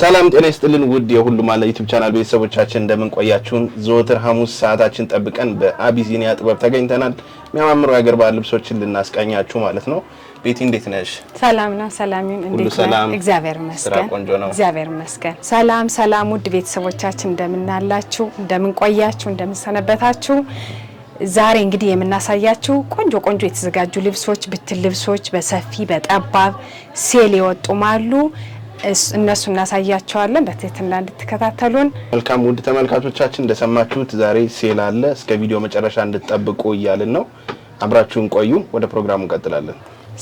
ሰላም ጤና ይስጥልን ውድ የሁሉም አለ ዩቲዩብ ቻናል ቤተሰቦቻችን እንደምንቆያችሁን ቆያችሁን? ዘወትር ሐሙስ ሰዓታችን ጠብቀን በአቢዚኒያ ጥበብ ተገኝተናል። የሚያማምሩ የአገር ባህል ልብሶችን ልናስቃኛችሁ ማለት ነው። ቤቲ እንዴት ነሽ? ሰላም ነው። ይሁን። እንዴት ነው? እግዚአብሔር ይመስገን። ቆንጆ ነው። እግዚአብሔር ይመስገን። ሰላም ሰላም፣ ውድ ቤተሰቦቻችን እንደምናላችሁ፣ እንደምንቆያችሁ፣ እንደምንሰነበታችሁ። ዛሬ እንግዲህ የምናሳያችሁ ቆንጆ ቆንጆ የተዘጋጁ ልብሶች፣ ብትል ልብሶች በሰፊ በጠባብ ሴል ይወጡማሉ። አሉ። እነሱ እናሳያቸዋለን። በትህትና እንድትከታተሉን። መልካም ውድ ተመልካቾቻችን እንደሰማችሁት ዛሬ ሴል አለ። እስከ ቪዲዮ መጨረሻ እንድትጠብቁ እያልን ነው። አብራችሁን ቆዩ። ወደ ፕሮግራሙ እንቀጥላለን።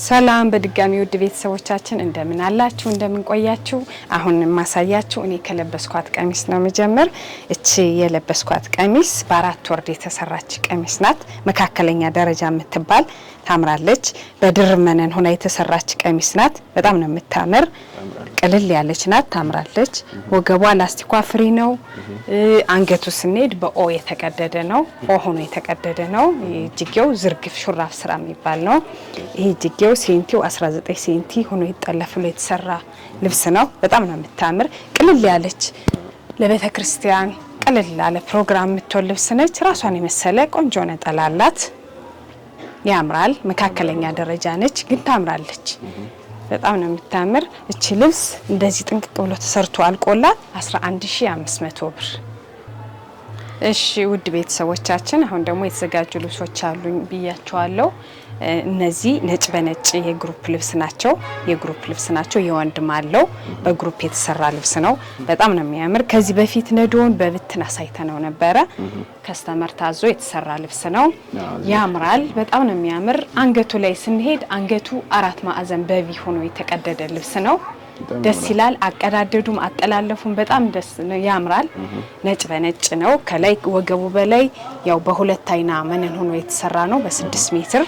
ሰላም በድጋሚ ውድ ቤተሰቦቻችን እንደምን አላችሁ? እንደምን ቆያችሁ? አሁን የማሳያችሁ እኔ ከለበስኳት ቀሚስ ነው መጀመር። እቺ የለበስኳት ቀሚስ በአራት ወርድ የተሰራች ቀሚስ ናት። መካከለኛ ደረጃ የምትባል ታምራለች። በድር መነን ሆና የተሰራች ቀሚስ ናት። በጣም ነው የምታምር። ቅልል ያለች ናት፣ ታምራለች። ወገቧ ላስቲኳ ፍሪ ነው። አንገቱ ስንሄድ በኦ የተቀደደ ነው፣ ኦ ሆኖ የተቀደደ ነው። እጅጌው ዝርግፍ ሹራፍ ስራ የሚባል ነው። ይህ እጅጌው ሴንቲው 19 ሴንቲ ሆኖ ይጠለፍሎ የተሰራ ልብስ ነው። በጣም ነው የምታምር። ቅልል ያለች ለቤተ ክርስቲያን ቀለል ላለ ፕሮግራም የምትሆን ልብስ ነች። ራሷን የመሰለ ቆንጆ ነጠላ አላት። ያምራል። መካከለኛ ደረጃ ነች፣ ግን ታምራለች። በጣም ነው የምታምር። እቺ ልብስ እንደዚህ ጥንቅቅ ብሎ ተሰርቶ አልቆላት 11500 ብር። እሺ ውድ ቤተሰቦቻችን አሁን ደግሞ የተዘጋጁ ልብሶች አሉኝ ብያቸዋለሁ። እነዚህ ነጭ በነጭ የግሩፕ ልብስ ናቸው። የግሩፕ ልብስ ናቸው። የወንድም አለው በግሩፕ የተሰራ ልብስ ነው። በጣም ነው የሚያምር። ከዚህ በፊት ነዶውን በብትን አሳይተነው ነበረ። ከስተመር ታዞ የተሰራ ልብስ ነው። ያምራል። በጣም ነው የሚያምር። አንገቱ ላይ ስንሄድ አንገቱ አራት ማዕዘን በቪ ሆኖ የተቀደደ ልብስ ነው። ደስ ይላል። አቀዳደዱም አጠላለፉም በጣም ደስ ያምራል። ነጭ በነጭ ነው። ከላይ ወገቡ በላይ ያው በሁለት አይና መነን ሆኖ የተሰራ ነው በስድስት ሜትር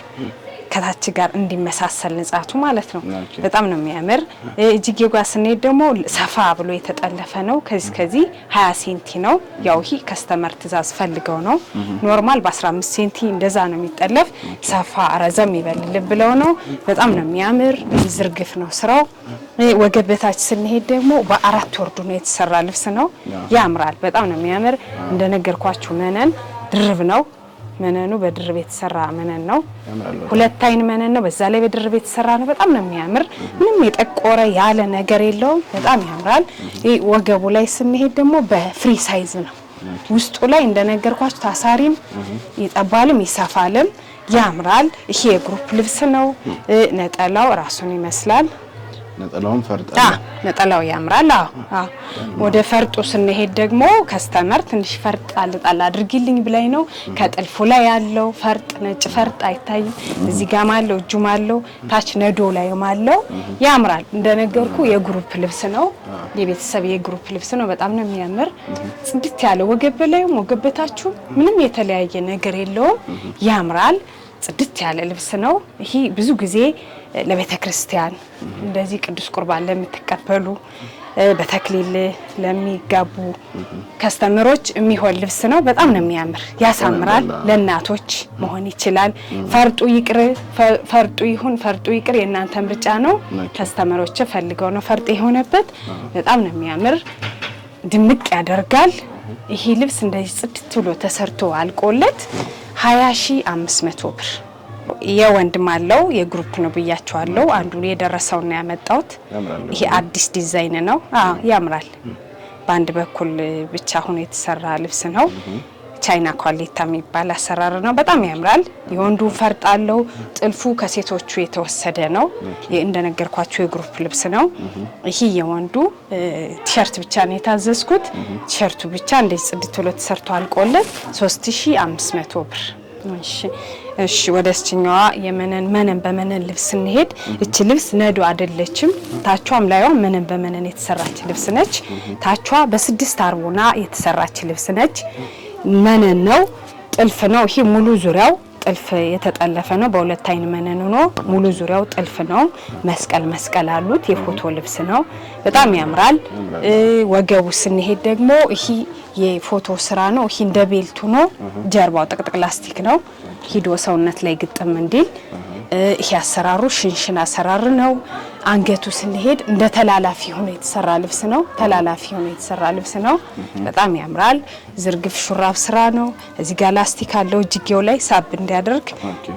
ከታች ጋር እንዲመሳሰል ንጻቱ ማለት ነው። በጣም ነው የሚያምር። እጅጌው ጋር ስንሄድ ደግሞ ሰፋ ብሎ የተጠለፈ ነው። ከዚህ ከዚህ 20 ሴንቲ ነው። ያው ይህ ከስተመር ትእዛዝ ፈልገው ነው። ኖርማል በ15 ሴንቲ እንደዛ ነው የሚጠለፍ። ሰፋ ረዘም ይበልል ብለው ነው። በጣም ነው የሚያምር። ዝርግፍ ነው ስራው። ወገብ በታች ስንሄድ ደግሞ በአራት ወርዱ ነው የተሰራ ልብስ ነው። ያምራል። በጣም ነው የሚያምር። እንደነገርኳችሁ መነን ድርብ ነው መነኑ ቤት የተሰራ መነን ነው። ሁለት አይን መነን ነው። በዛ ላይ ቤት የተሰራ ነው። በጣም ነው የሚያምር። ምንም የጠቆረ ያለ ነገር የለውም። በጣም ያምራል። ወገቡ ላይ ስንሄድ ደግሞ በፍሪ ሳይዝ ነው። ውስጡ ላይ እንደነገርኳችሁ ታሳሪም ይጠባልም ይሰፋልም፣ ያምራል። ይሄ የግሩፕ ልብስ ነው። ነጠላው ራሱን ይመስላል። ነጠላውን ፈርጥ ነጠላው ያምራል። አዎ ወደ ፈርጡ ስንሄድ ደግሞ ከስተመር ትንሽ ፈርጥ ጣል ጣል አድርጊልኝ ብላኝ ነው። ከጥልፉ ላይ ያለው ፈርጥ ነጭ ፈርጥ አይታይም። እዚህ ጋም አለው እጁም አለው ታች ነዶ ላይ አለው ያምራል። እንደነገርኩ የግሩፕ ልብስ ነው፣ የቤተሰብ የግሩፕ ልብስ ነው። በጣም ነው የሚያምር ጽድት ያለው ወገብ ላይም ወገበታችሁ ምንም የተለያየ ነገር የለውም። ያምራል ጽድት ያለ ልብስ ነው። ይሄ ብዙ ጊዜ ለቤተ ክርስቲያን እንደዚህ ቅዱስ ቁርባን ለምትቀበሉ በተክሊል ለሚጋቡ ከስተምሮች የሚሆን ልብስ ነው። በጣም ነው የሚያምር፣ ያሳምራል። ለእናቶች መሆን ይችላል። ፈርጡ ይቅር ፈርጡ ይሁን ፈርጡ ይቅር የእናንተ ምርጫ ነው። ከስተምሮች ፈልገው ነው ፈርጥ የሆነበት። በጣም ነው የሚያምር፣ ድምቅ ያደርጋል። ይሄ ልብስ እንደዚህ ጽድት ብሎ ተሰርቶ አልቆለት መቶ ብር የወንድም አለው የግሩፕ ነው ብያቸዋለሁ። አንዱ የደረሰው ነው ያመጣሁት። ይሄ አዲስ ዲዛይን ነው። ያምራል። በአንድ በኩል ብቻ አሁን የተሰራ ልብስ ነው። ቻይና ኳሌታ የሚባል አሰራር ነው። በጣም ያምራል። የወንዱን ፈርጥ አለው። ጥልፉ ከሴቶቹ የተወሰደ ነው። እንደነገርኳቸው የግሩፕ ልብስ ነው። ይህ የወንዱ ቲሸርት ብቻ ነው የታዘዝኩት። ቲሸርቱ ብቻ እንደዚህ ጽድት ብሎ ተሰርቶ አልቆለት 3500 ብር። እሺ ወደ እስችኛዋ የመነን መነን በመነን ልብስ ስንሄድ እች ልብስ ነዶ አይደለችም። ታቿም ላይዋ መነን በመነን የተሰራች ልብስ ነች። ታቿ በስድስት አርቦና የተሰራች ልብስ ነች። መነን ነው፣ ጥልፍ ነው። ይሄ ሙሉ ዙሪያው ጥልፍ የተጠለፈ ነው። በሁለት አይን መነን ሆኖ ሙሉ ዙሪያው ጥልፍ ነው። መስቀል መስቀል አሉት። የፎቶ ልብስ ነው። በጣም ያምራል። ወገቡ ስንሄድ ደግሞ ይሄ የፎቶ ስራ ነው። ይሄ እንደ ቤልቱ ሆኖ ጀርባው ጥቅጥቅ ላስቲክ ነው ሂዶ ሰውነት ላይ ግጥም እንዲል ይሄ አሰራሩ ሽንሽን አሰራር ነው። አንገቱ ስንሄድ እንደ ተላላፊ ሆኖ የተሰራ ልብስ ነው። ተላላፊ ሆኖ የተሰራ ልብስ ነው። በጣም ያምራል። ዝርግፍ ሹራብ ስራ ነው። እዚህ ጋር ላስቲክ አለው እጅጌው ላይ ሳብ እንዲያደርግ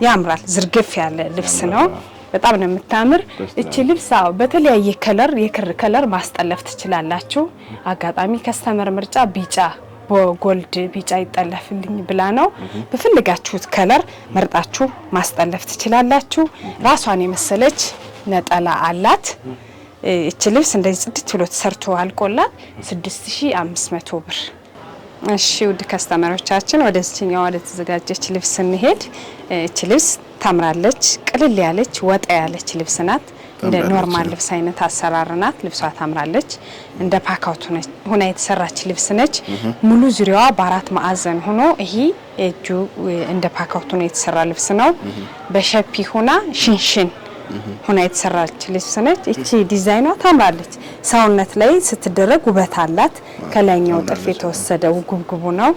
ያምራል። ዝርግፍ ያለ ልብስ ነው። በጣም ነው የምታምር እቺ ልብስ። አዎ በተለያየ ከለር የክር ከለር ማስጠለፍ ትችላላችሁ። አጋጣሚ ከስተመር ምርጫ ቢጫ በጎልድ ቢጫ ይጠለፍልኝ ብላ ነው። በፈለጋችሁት ከለር መርጣችሁ ማስጠለፍ ትችላላችሁ። ራሷን የመሰለች ነጠላ አላት። እች ልብስ እንደዚህ ጽድት ብሎ ተሰርቶ አልቆላት 6500 ብር። እሺ ውድ ከስተመሮቻችን ወደዚህኛው ወደ ተዘጋጀች ልብስ ስንሄድ እች ልብስ ታምራለች። ቅልል ያለች ወጣ ያለች ልብስ ናት። እንደ ኖርማል ልብስ አይነት አሰራር ናት። ልብሷ ታምራለች። እንደ ፓካውት ሆና የተሰራች ልብስ ነች። ሙሉ ዙሪያዋ በአራት ማዕዘን ሆኖ ይሄ እጁ እንደ ፓካውት ሆና የተሰራ ልብስ ነው። በሸፒ ሆና ሽንሽን ሆና የተሰራች ልብስ ነች። እቺ ዲዛይኗ ታምራለች። ሰውነት ላይ ስትደረግ ውበት አላት። ከላይኛው ጥልፍ የተወሰደ ጉብጉቡ ነው።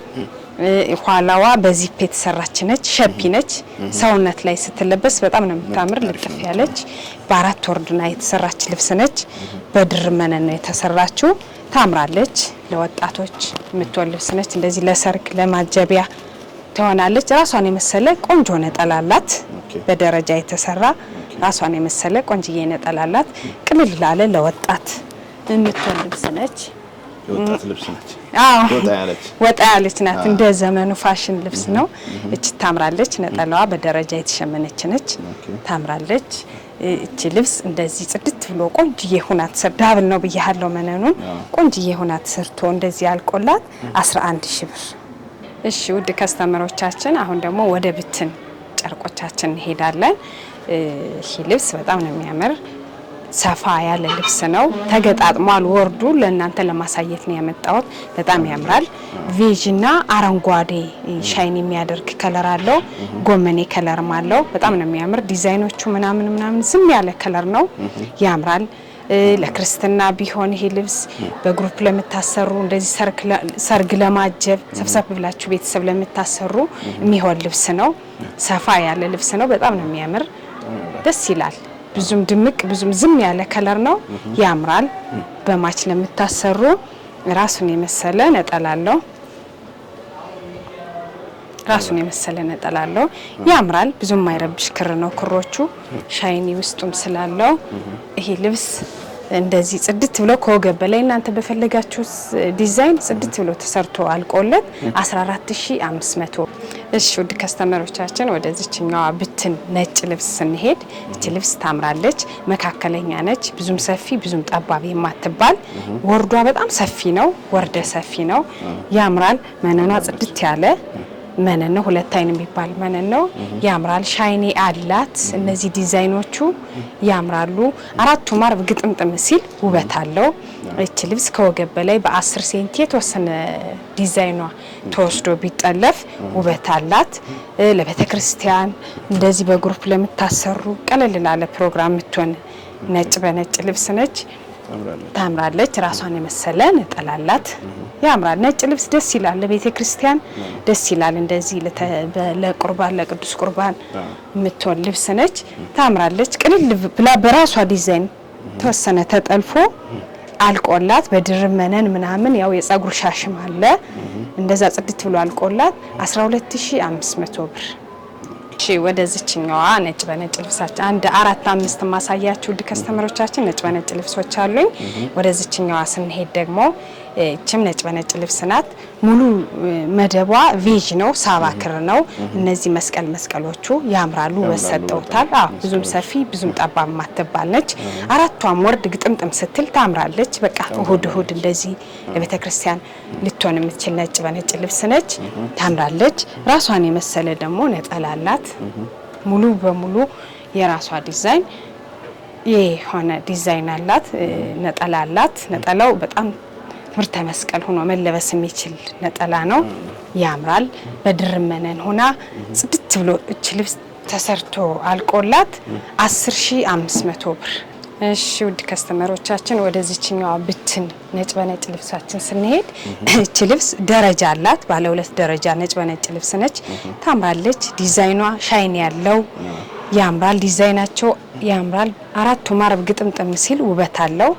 ኋላዋ በዚፕ የተሰራች ነች። ሸፒ ነች። ሰውነት ላይ ስትለበስ በጣም ነው የምታምር። ልጥፍ ያለች በአራት ወርድና የተሰራች ልብስ ነች። በድር መነን ነው የተሰራችው። ታምራለች። ለወጣቶች የምትወል ልብስ ነች። እንደዚህ ለሰርግ ለማጀቢያ ትሆናለች። ራሷን የመሰለ ቆንጆ ነጠላላት በደረጃ የተሰራ ራሷን የመሰለ ቆንጅዬ ነጠላላት። ቅልል ላለ ለወጣት የምትሆን ልብስ ነች። ወጣ ያለች ናት። እንደ ዘመኑ ፋሽን ልብስ ነው። እች ታምራለች። ነጠላዋ በደረጃ የተሸመነች ነች። ታምራለች። እቺ ልብስ እንደዚህ ጽድት ብሎ ቆንጅዬ ሁና ተሰር ዳብል ነው ብያለሁ። መነኑን ቆንጅዬ ሁና ተሰርቶ እንደዚህ ያልቆላት 11 ሺህ ብር። እሺ ውድ ከስተመሮቻችን አሁን ደግሞ ወደ ብትን ጨርቆቻችን እንሄዳለን። ይህ ልብስ በጣም ነው የሚያምር ሰፋ ያለ ልብስ ነው። ተገጣጥሟል። ወርዱ ለእናንተ ለማሳየት ነው ያመጣሁት። በጣም ያምራል። ቪዥ እና አረንጓዴ ሻይን የሚያደርግ ከለር አለው። ጎመኔ ከለርም አለው። በጣም ነው የሚያምር። ዲዛይኖቹ ምናምን ምናምን ዝም ያለ ከለር ነው። ያምራል። ለክርስትና ቢሆን ይሄ ልብስ በግሩፕ ለምታሰሩ እንደዚህ ሰርግ ለማጀብ ሰብሰብ ብላችሁ ቤተሰብ ለምታሰሩ የሚሆን ልብስ ነው። ሰፋ ያለ ልብስ ነው። በጣም ነው የሚያምር። ደስ ይላል። ብዙም ድምቅ ብዙም ዝም ያለ ከለር ነው፣ ያምራል። በማች ለምታሰሩ ራሱን የመሰለ ነጠላለው ራሱን የመሰለ ነጠላለው ያምራል። ብዙም የማይረብሽ ክር ነው። ክሮቹ ሻይኒ ውስጡም ስላለው ይሄ ልብስ እንደዚህ ጽድት ብሎ ከወገብ በላይ እናንተ በፈለጋችሁት ዲዛይን ጽድት ብሎ ተሰርቶ አልቆለት 14500። እሺ ውድ ከስተመሮቻችን ወደ ብትን ነጭ ልብስ ስንሄድ እች ልብስ ታምራለች። መካከለኛ ነች፣ ብዙም ሰፊ ብዙም ጠባብ የማትባል ወርዷ በጣም ሰፊ ነው፣ ወርደ ሰፊ ነው፣ ያምራል። መነኗ ጽድት ያለ መነን ነው። ሁለት አይን የሚባል መነን ነው። ያምራል። ሻይኒ አላት። እነዚህ ዲዛይኖቹ ያምራሉ። አራቱ ማርብ ግጥምጥም ሲል ውበት አለው። እች ልብስ ከወገብ በላይ በ10 ሴንቲ የተወሰነ ዲዛይኗ ተወስዶ ቢጠለፍ ውበት አላት። ለቤተ ክርስቲያን እንደዚህ በግሩፕ ለምታሰሩ ቀለል ላለ ፕሮግራም የምትሆን ነጭ በነጭ ልብስ ነች። ታምራለች። ራሷን የመሰለ ነጠላ አላት። ያምራል። ነጭ ልብስ ደስ ይላል። ለቤተ ክርስቲያን ደስ ይላል። እንደዚህ ለቁርባን ለቅዱስ ቁርባን የምትሆን ልብስ ነች። ታምራለች። ቅልል ብላ በራሷ ዲዛይን ተወሰነ ተጠልፎ አልቆላት በድርብ መነን ምናምን ያው የጸጉር ሻሽም አለ እንደዛ ጽድት ብሎ አልቆላት 12500 ብር እሺ ወደዚችኛዋ ነጭ በነጭ ልብሳችን አንድ አራት አምስት ማሳያችሁ ውድ ከስተመሮቻችን ነጭ በነጭ ልብሶች አሉኝ። ወደዚችኛዋ ስንሄድ ደግሞ ችም ነጭ በነጭ ልብስ ናት። ሙሉ መደቧ ቬዥ ነው፣ ሳባ ክር ነው። እነዚህ መስቀል መስቀሎቹ ያምራሉ፣ ወሰጠውታል። ብዙም ሰፊ ብዙም ጠባብ ማትባል ነች። አራቷም ወርድ ግጥምጥም ስትል ታምራለች። በቃ እሁድ እሁድ እንደዚህ ለቤተ ክርስቲያን ልትሆን የምትችል ነጭ በነጭ ልብስ ነች፣ ታምራለች። ራሷን የመሰለ ደግሞ ነጠላ አላት። ሙሉ በሙሉ የራሷ ዲዛይን የሆነ ዲዛይን አላት። ነጠላ አላት። ነጠላው በጣም ፍርተ መስቀል ሆኖ መለበስ የሚችል ነጠላ ነው። ያምራል። በድርመነን መነን ሆና ጽድት ብሎ እች ልብስ ተሰርቶ አልቆላት 10500 ብር። እሺ ውድ ከስተመሮቻችን ወደዚችኛዋ ብትን ነጭ በነጭ ልብሳችን ስንሄድ እቺ ልብስ ደረጃ አላት። ባለ ሁለት ደረጃ ነጭ በነጭ ልብስ ነች፣ ታምራለች። ዲዛይኗ ሻይን ያለው ያምራል። ዲዛይናቸው ያምራል። አራቱ ማረብ ግጥምጥም ሲል ውበት አለው።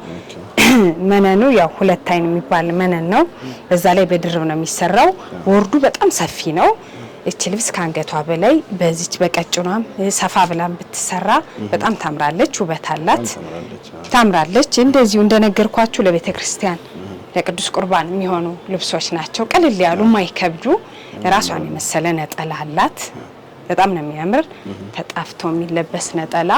መነኑ ያው ሁለት አይን የሚባል መነን ነው። በዛ ላይ በድርብ ነው የሚሰራው። ወርዱ በጣም ሰፊ ነው። እቺ ልብስ ከአንገቷ በላይ በዚች በቀጭኗም ሰፋ ብላም ብትሰራ በጣም ታምራለች፣ ውበት አላት፣ ታምራለች። እንደዚሁ እንደነገርኳችሁ ለቤተ ክርስቲያን ለቅዱስ ቁርባን የሚሆኑ ልብሶች ናቸው። ቀልል ያሉ ማይከብዱ። ራሷን የመሰለ ነጠላ አላት። በጣም ነው የሚያምር ተጣፍቶ የሚለበስ ነጠላ።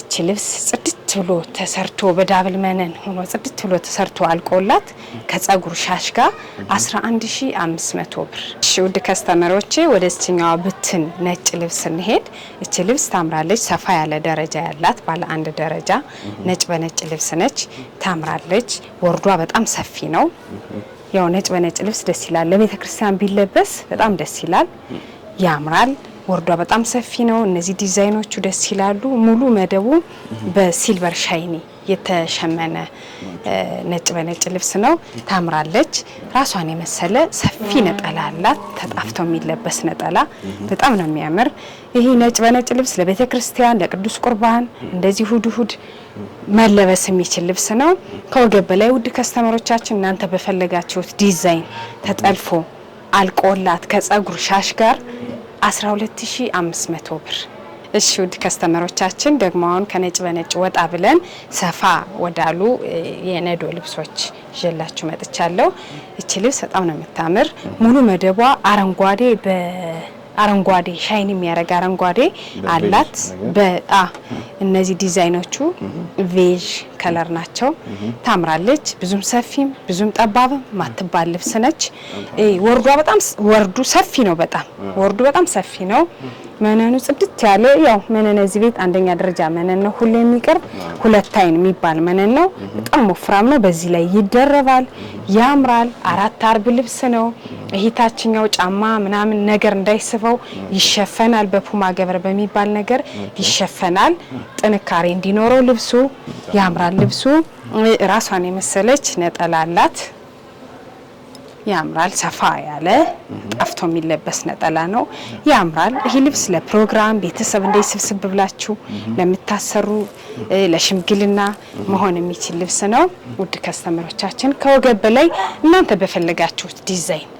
እቺ ልብስ ጽድት ብሎ ተሰርቶ በዳብል መነን ሆኖ ጽድት ብሎ ተሰርቶ አልቆላት ከጸጉር ሻሽ ጋር 11500 ብር። እሺ ውድ ከስተመሮቼ ወደ እችኛዋ ብትን ነጭ ልብስ እንሄድ። እቺ ልብስ ታምራለች። ሰፋ ያለ ደረጃ ያላት ባለ አንድ ደረጃ ነጭ በነጭ ልብስ ነች። ታምራለች። ወርዷ በጣም ሰፊ ነው። ያው ነጭ በነጭ ልብስ ደስ ይላል። ለቤተ ክርስቲያን ቢለበስ በጣም ደስ ይላል። ያምራል። ወርዷ በጣም ሰፊ ነው። እነዚህ ዲዛይኖቹ ደስ ይላሉ። ሙሉ መደቡ በሲልቨር ሻይኒ የተሸመነ ነጭ በነጭ ልብስ ነው። ታምራለች። ራሷን የመሰለ ሰፊ ነጠላ አላት። ተጣፍተው የሚለበስ ነጠላ በጣም ነው የሚያምር። ይህ ነጭ በነጭ ልብስ ለቤተ ክርስቲያን፣ ለቅዱስ ቁርባን እንደዚህ እሁድ እሁድ መለበስ የሚችል ልብስ ነው። ከወገብ በላይ ውድ ከስተመሮቻችን እናንተ በፈለጋችሁት ዲዛይን ተጠልፎ አልቆላት ከጸጉር ሻሽ ጋር 12500 ብር። እሺ ውድ ከስተመሮቻችን ደግሞ አሁን ከነጭ በነጭ ወጣ ብለን ሰፋ ወዳሉ የነዶ ልብሶች ይዤላችሁ መጥቻለሁ። እቺ ልብስ በጣም ነው የምታምር። ሙሉ መደቧ አረንጓዴ በ አረንጓዴ ሻይን የሚያደርግ አረንጓዴ አላት። በአ እነዚህ ዲዛይኖቹ ቬዥ ከለር ናቸው። ታምራለች። ብዙም ሰፊም ብዙም ጠባብም ማትባል ልብስ ነች። ወርዷ በጣም ወርዱ ሰፊ ነው። በጣም ወርዱ በጣም ሰፊ ነው። መነኑ ጽድት ያለ ያው መነን እዚህ ቤት አንደኛ ደረጃ መነን ነው፣ ሁሌ የሚቀርብ ሁለት አይን የሚባል መነን ነው። በጣም ወፍራም ነው። በዚህ ላይ ይደረባል፣ ያምራል። አራት አርብ ልብስ ነው። ይሄታችኛው ጫማ ምናምን ነገር እንዳይስበው ይሸፈናል፣ በፑማ ገበር በሚባል ነገር ይሸፈናል። ጥንካሬ እንዲኖረው ልብሱ ያምራል። ልብሱ ራሷን የመሰለች ነጠላ አላት። ያምራል። ሰፋ ያለ ጠፍቶ የሚለበስ ነጠላ ነው። ያምራል። ይህ ልብስ ለፕሮግራም ቤተሰብ እንደ ስብስብ ብላችሁ ለምታሰሩ ለሽምግልና መሆን የሚችል ልብስ ነው። ውድ ከስተመሮቻችን ከወገብ በላይ እናንተ በፈለጋችሁት ዲዛይን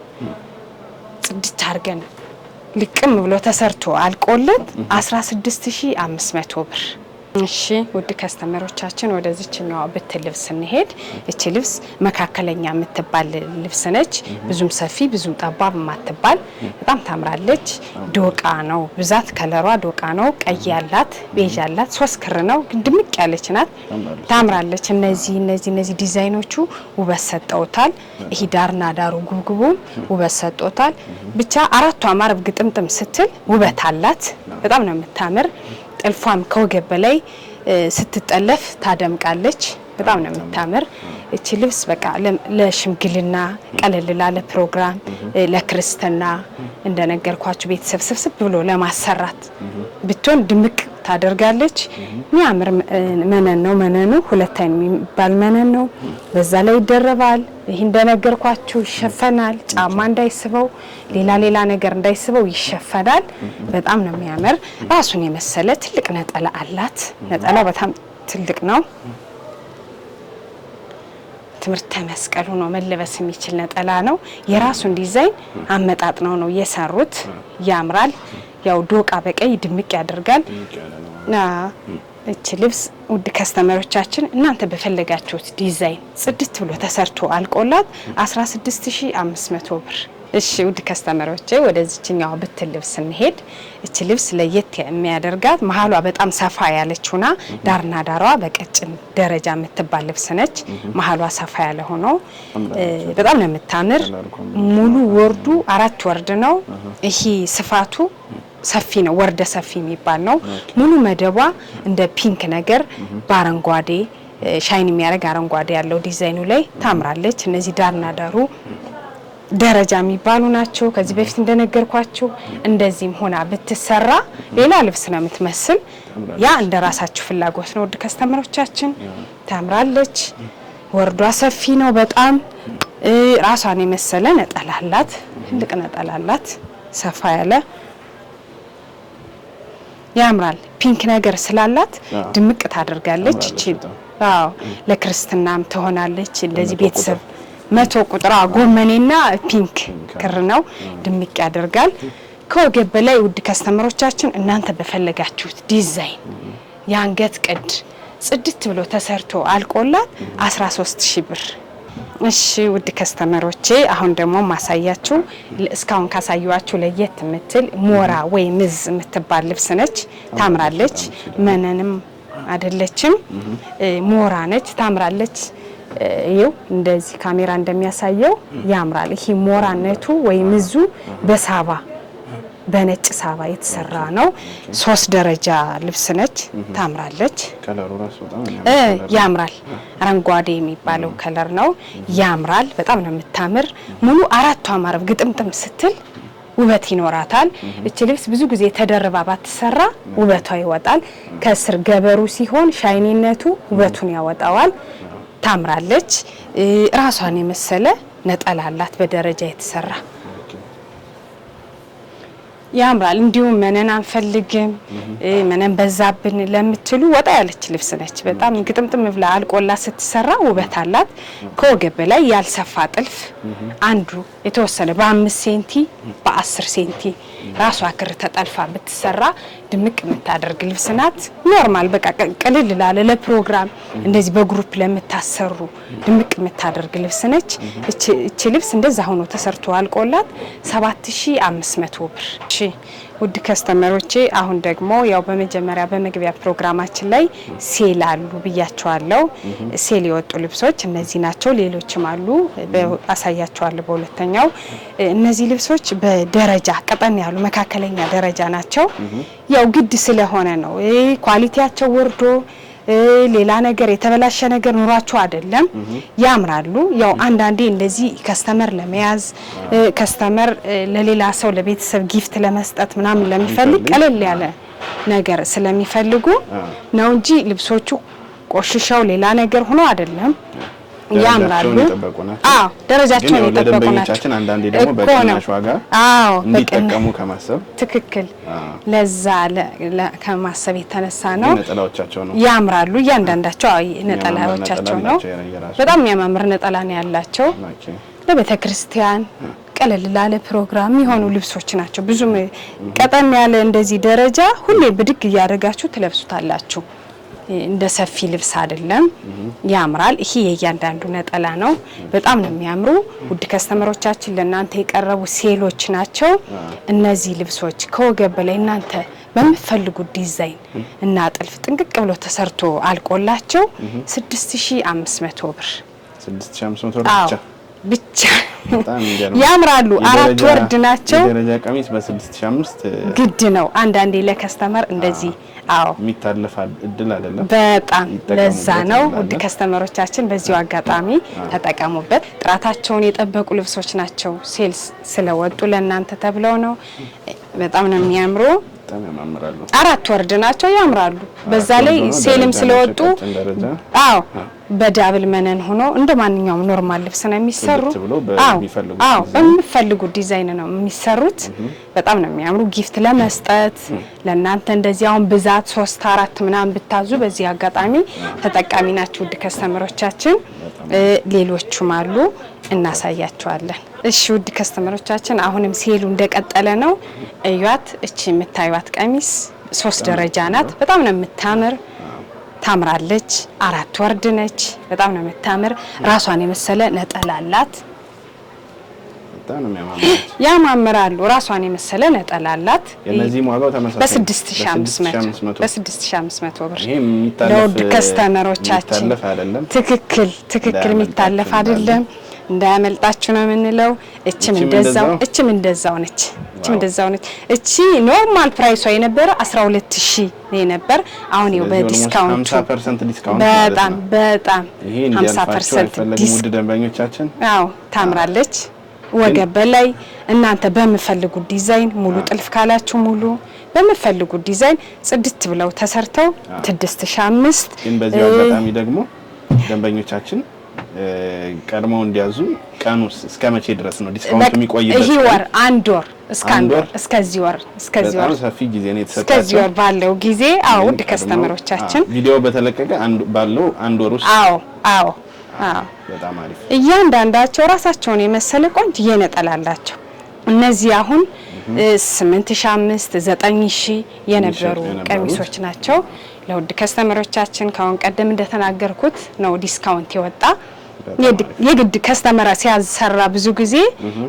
ጽድት አድርገን ልቅም ብሎ ተሰርቶ አልቆለት 16500 ብር እሺ ውድ ከስተመሮቻችን ወደዚችኛዋ ብት ልብስ ስንሄድ እቺ ልብስ መካከለኛ የምትባል ልብስ ነች። ብዙም ሰፊ ብዙም ጠባብ የማትባል በጣም ታምራለች። ዶቃ ነው ብዛት፣ ከለሯ ዶቃ ነው። ቀይ ያላት፣ ቤዥ ያላት፣ ሶስት ክር ነው፣ ግን ድምቅ ያለች ናት፣ ታምራለች። እነዚህ እነዚህ እነዚህ ዲዛይኖቹ ውበት ሰጠውታል። ይህ ዳርና ዳሩ ጉብጉቡም ውበት ሰጠውታል። ብቻ አራቷ ማረብ ግጥምጥም ስትል ውበት አላት። በጣም ነው የምታምር ጥልፏም ከወገብ በላይ ስትጠለፍ ታደምቃለች። በጣም ነው የምታምር እቺ ልብስ። በቃ ለሽምግልና ቀለል ላለ ፕሮግራም፣ ለክርስትና እንደነገርኳችሁ ቤተሰብ ስብስብ ብሎ ለማሰራት ብትሆን ድምቅ ታደርጋለች። የሚያምር መነን ነው። መነኑ ሁለት አይን የሚባል መነን ነው። በዛ ላይ ይደረባል። ይህ እንደነገርኳችሁ ይሸፈናል። ጫማ እንዳይስበው፣ ሌላ ሌላ ነገር እንዳይስበው ይሸፈናል። በጣም ነው የሚያምር። ራሱን የመሰለ ትልቅ ነጠላ አላት። ነጠላ በጣም ትልቅ ነው። ትምህርተ መስቀል ሆኖ መለበስ የሚችል ነጠላ ነው። የራሱን ዲዛይን አመጣጥነው ነው የሰሩት። ያምራል። ያው ዶቃ በቀይ ድምቅ ያደርጋል። እች ልብስ ውድ ከስተመሮቻችን እናንተ በፈለጋችሁት ዲዛይን ጽድት ብሎ ተሰርቶ አልቆላት 16500 ብር እሺ ውድ ከስተመሮቼ ወደዚችኛው ብትን ልብስ ስንሄድ እች ልብስ ለየት የሚያደርጋት መሀሏ በጣም ሰፋ ያለች ሁና ዳርና ዳሯ በቀጭን ደረጃ የምትባል ልብስ ነች። መሀሏ ሰፋ ያለ ሆኖ በጣም ነው የምታምር። ሙሉ ወርዱ አራት ወርድ ነው። ይህ ስፋቱ ሰፊ ነው፣ ወርደ ሰፊ የሚባል ነው። ሙሉ መደቧ እንደ ፒንክ ነገር በአረንጓዴ ሻይን የሚያደርግ አረንጓዴ ያለው ዲዛይኑ ላይ ታምራለች። እነዚህ ዳርና ዳሩ ደረጃ የሚባሉ ናቸው። ከዚህ በፊት እንደነገርኳችሁ እንደዚህም ሆና ብትሰራ ሌላ ልብስ ነው የምትመስል። ያ እንደ ራሳችሁ ፍላጎት ነው። ውድ ከስተምሮቻችን ታምራለች። ወርዷ ሰፊ ነው በጣም ራሷን የመሰለ ነጠላ አላት። ትልቅ ነጠላ አላት፣ ሰፋ ያለ ያምራል። ፒንክ ነገር ስላላት ድምቅ ታደርጋለች። እቺ አዎ ለክርስትናም ትሆናለች። እንደዚህ ቤተሰብ መቶ ቁጥራ ጎመኔና ፒንክ ክር ነው። ድምቅ ያደርጋል። ከወገብ በላይ ውድ ከስተመሮቻችን እናንተ በፈለጋችሁት ዲዛይን የአንገት ቅድ ጽድት ብሎ ተሰርቶ አልቆላት 13 ሺ ብር። እሺ ውድ ከስተመሮቼ አሁን ደግሞ ማሳያችሁ እስካሁን ካሳየዋችሁ ለየት የምትል ሞራ ወይ ምዝ የምትባል ልብስ ነች። ታምራለች። መነንም አይደለችም፣ ሞራ ነች። ታምራለች። ይው እንደዚህ ካሜራ እንደሚያሳየው ያምራል። ይሄ ሞራነቱ ወይም እዙ በሳባ በነጭ ሳባ የተሰራ ነው። ሶስት ደረጃ ልብስ ነች፣ ታምራለች፣ ያምራል። አረንጓዴ የሚባለው ከለር ነው፣ ያምራል። በጣም ነው የምታምር። ሙሉ አራቷ ማረብ ግጥምጥም ስትል ውበት ይኖራታል። እች ልብስ ብዙ ጊዜ ተደርባ ባትሰራ ውበቷ ይወጣል። ከስር ገበሩ ሲሆን ሻይኒነቱ ውበቱን ያወጣዋል። ታምራለች። ራሷን የመሰለ ነጠላ አላት በደረጃ የተሰራ ያምራል። እንዲሁም መነን አንፈልግም መነን በዛብን ለምትሉ ወጣ ያለች ልብስ ነች። በጣም ግጥምጥም ብላ አልቆላ ስትሰራ ውበት አላት። ከወገብ በላይ ያልሰፋ ጥልፍ አንዱ የተወሰነ በአምስት ሴንቲ በአስር ሴንቲ ራሷ ክር ተጠልፋ ብትሰራ ድምቅ የምታደርግ ልብስ ናት። ኖርማል በቃ ቅልል ላለ ለፕሮግራም እንደዚህ በግሩፕ ለምታሰሩ ድምቅ የምታደርግ ልብስ ነች። እቺ ልብስ እንደዛ ሆኖ ተሰርቶ አልቆላት 7500 ብር ውድ ከስተመሮቼ አሁን ደግሞ ያው በመጀመሪያ በመግቢያ ፕሮግራማችን ላይ ሴል አሉ ብያቸዋለሁ። ሴል የወጡ ልብሶች እነዚህ ናቸው። ሌሎችም አሉ አሳያቸዋለሁ በሁለተኛው። እነዚህ ልብሶች በደረጃ ቀጠን ያሉ መካከለኛ ደረጃ ናቸው። ያው ግድ ስለሆነ ነው ኳሊቲያቸው ወርዶ ሌላ ነገር የተበላሸ ነገር ኑሯቸው አይደለም፣ ያምራሉ። ያው አንዳንዴ እንደዚህ ከስተመር ለመያዝ ከስተመር ለሌላ ሰው ለቤተሰብ ጊፍት ለመስጠት ምናምን ለሚፈልግ ቀለል ያለ ነገር ስለሚፈልጉ ነው እንጂ ልብሶቹ ቆሽሸው ሌላ ነገር ሆኖ አይደለም። ያምራሉ። ደረጃቸውን የጠበቁ ናቸው። አንዳንዴ ደግሞ በቅናሽ ዋጋ እንዲጠቀሙ ከማሰብ ትክክል፣ ለዛ ከማሰብ የተነሳ ነው። ያምራሉ። እያንዳንዳቸው ነጠላዎቻቸው ነው። በጣም የሚያማምር ነጠላ ነው ያላቸው። ለቤተ ክርስቲያን ቀለል ላለ ፕሮግራም የሆኑ ልብሶች ናቸው። ብዙም ቀጠን ያለ እንደዚህ ደረጃ ሁሌ ብድግ እያደረጋችሁ ትለብሱታላችሁ። እንደ ሰፊ ልብስ አይደለም፣ ያምራል። ይሄ የእያንዳንዱ ነጠላ ነው። በጣም ነው የሚያምሩ። ውድ ከስተመሮቻችን ለእናንተ የቀረቡ ሴሎች ናቸው እነዚህ ልብሶች። ከወገብ በላይ እናንተ በምትፈልጉት ዲዛይን እና ጥልፍ ጥንቅቅ ብሎ ተሰርቶ አልቆላቸው 6500 ብር 6500 ብር ብቻ ብቻ ያምራሉ። አራት ወርድ ናቸው። ደረጃ ቀሚስ በ6500 ግድ ነው። አንዳንዴ ለከስተመር እንደዚህ አዎ፣ የሚታለፍ እድል አይደለም። በጣም ለዛ ነው ውድ ከስተመሮቻችን፣ በዚሁ አጋጣሚ ተጠቀሙበት። ጥራታቸውን የጠበቁ ልብሶች ናቸው። ሴልስ ስለወጡ ለእናንተ ተብለው ነው። በጣም ነው የሚያምሩ። በጣም ያማምራሉ። አራት ወርድ ናቸው ያምራሉ። በዛ ላይ ሴልም ስለወጡ አዎ፣ በዳብል መነን ሆኖ እንደ ማንኛውም ኖርማል ልብስ ነው የሚሰሩ። አዎ፣ በሚፈልጉ ዲዛይን ነው የሚሰሩት። በጣም ነው የሚያምሩ። ጊፍት ለመስጠት ለእናንተ እንደዚህ አሁን ብዛት ሶስት አራት ምናምን ብታዙ በዚህ አጋጣሚ ተጠቃሚ ናቸው ውድ ከስተመሮቻችን። ሌሎቹም አሉ እናሳያቸዋለን። እሺ ውድ ከስተመሮቻችን አሁንም ሴሉ እንደቀጠለ ነው። እዩት። እቺ የምታዩት ቀሚስ ሶስት ደረጃ ናት። በጣም ነው የምታምር ታምራለች። አራት ወርድ ነች። በጣም ነው የምታምር ራሷን የመሰለ ነጠላ አላት። ያማምራሉ። ራሷን የመሰለ ነጠላ አላት። በ6500 ብር ለውድ ከስተመሮቻችን ትክክል ትክክል የሚታለፍ አይደለም። እንዳያመልጣችሁ ነው የምንለው። እችም እንደዛው እችም እንደዛው ነች። እችም እንደዛው ነች። እቺ ኖርማል ፕራይሷ የነበረ 12000 ነው ነበር። አሁን ይኸው በዲስካውንቱ በጣም በጣም 50% ዲስካውንት። አዎ ታምራለች። ወገብ በላይ እናንተ በምፈልጉት ዲዛይን ሙሉ ጥልፍ ካላችሁ ሙሉ በምፈልጉት ዲዛይን ጽድት ብለው ተሰርተው 605 ግን በዚህ አጋጣሚ ደግሞ ደንበኞቻችን ቀድመው እንዲያዙ ቀኑስ እስከ መቼ ድረስ ነው ዲስካውንት የሚቆይበት? ይህ ወር አንድ ወር እስከ አንድ ወር እስከዚህ ወር እስከዚህ ወር ሰፊ ጊዜ ነው የተሰጣቸው። እስከዚህ ወር ባለው ጊዜ አዎ፣ ውድ ከስተመሮቻችን ቪዲዮ በተለቀቀ ባለው አንድ ወር ውስጥ አዎ፣ አዎ፣ አዎ፣ በጣም አሪፍ እያንዳንዳቸው ራሳቸውን የመሰለ ቆንጆ የነጠላ አላቸው። እነዚህ አሁን 8500 9000 የነበሩ ቀሚሶች ናቸው። ለውድ ከስተመሮቻችን ከአሁን ቀደም እንደተናገርኩት ነው ዲስካውንት የወጣ የግድ ከስተመራ ሲያሰራ ብዙ ጊዜ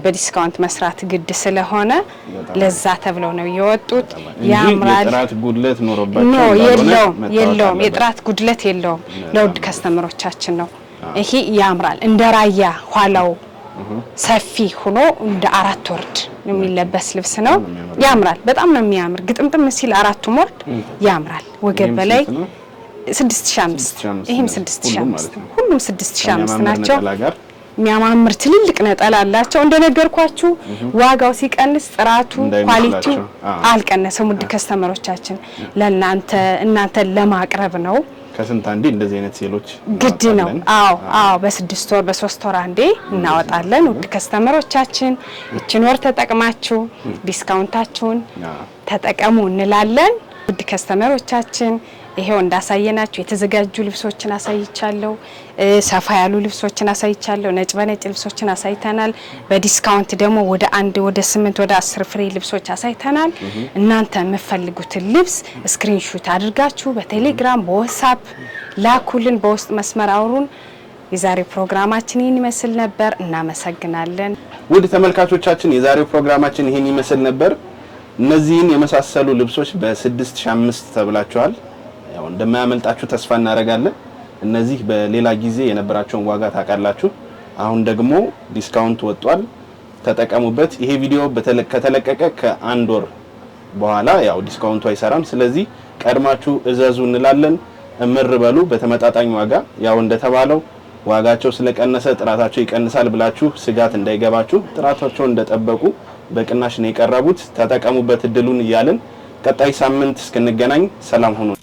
በዲስካውንት መስራት ግድ ስለሆነ ለዛ ተብለው ነው የወጡት። ያምራል። የጥራት ጉድለት ኖሮባቸው የለውም፣ የለውም። የጥራት ጉድለት የለውም። ለውድ ከስተመሮቻችን ነው። ይሄ ያምራል። እንደ ራያ ኋላው ሰፊ ሆኖ እንደ አራት ወርድ የሚለበስ ልብስ ነው። ያምራል። በጣም ነው የሚያምር። ግጥምጥም ሲል አራቱም ወርድ ያምራል። ወገብ በላይ 6500 ይሄም 6500 ሁሉም 6500 ናቸው። የሚያማምር ትልልቅ ነጠላ አላቸው። እንደነገርኳችሁ ዋጋው ሲቀንስ ጥራቱ ኳሊቲው አልቀነሰም። ውድ ከስተመሮቻችን ለእናንተ እናንተ ለማቅረብ ነው። ከስንት አንዴ እንደዚህ አይነት ሴሎች ግድ ነው። አዎ አዎ፣ በስድስት ወር በሶስት ወር አንዴ እናወጣለን። ውድ ከስተመሮቻችን እችን ወር ተጠቅማችሁ ዲስካውንታችሁን ተጠቀሙ እንላለን። ውድ ከስተመሮቻችን ይሄው እንዳሳየናችሁ የተዘጋጁ ልብሶችን አሳይቻለሁ። ሰፋ ያሉ ልብሶችን አሳይቻለሁ። ነጭ በነጭ ልብሶችን አሳይተናል። በዲስካውንት ደግሞ ወደ አንድ ወደ ስምንት ወደ አስር ፍሬ ልብሶች አሳይተናል። እናንተ የምትፈልጉትን ልብስ ስክሪንሹት አድርጋችሁ በቴሌግራም በዋትሳፕ ላኩልን፣ በውስጥ መስመር አውሩን። የዛሬው ፕሮግራማችን ይህን ይመስል ነበር። እናመሰግናለን። ውድ ተመልካቾቻችን የዛሬው ፕሮግራማችን ይህን ይመስል ነበር። እነዚህን የመሳሰሉ ልብሶች በ6005 ተብላችኋል። ያው እንደማያመልጣችሁ ተስፋ እናደርጋለን። እነዚህ በሌላ ጊዜ የነበራቸውን ዋጋ ታውቃላችሁ። አሁን ደግሞ ዲስካውንት ወጧል፣ ተጠቀሙበት። ይሄ ቪዲዮ ከተለቀቀ ከአንድ ወር በኋላ ያው ዲስካውንቱ አይሰራም። ስለዚህ ቀድማችሁ እዘዙ እንላለን። እምር በሉ በተመጣጣኝ ዋጋ። ያው እንደተባለው ዋጋቸው ስለቀነሰ ጥራታቸው ይቀንሳል ብላችሁ ስጋት እንዳይገባችሁ፣ ጥራታቸው እንደጠበቁ በቅናሽ ነው የቀረቡት። ተጠቀሙበት እድሉን እያልን ቀጣይ ሳምንት እስክንገናኝ ሰላም ሁኑ።